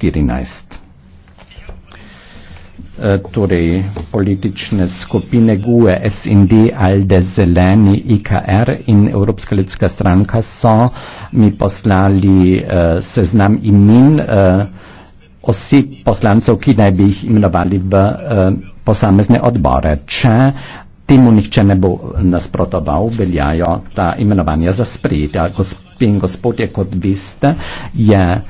14. E, torej, politične skupine GUE, SND, ALDE, Zeleni, IKR in Evropska ljudska stranka so mi poslali uh, seznam imen uh, oseb poslancev, ki naj bi jih imenovali v uh, posamezne odbore. Če temu nihče ne bo nasprotoval, veljajo ta imenovanja za sprejetja. Gospod in gospodje, kot veste, je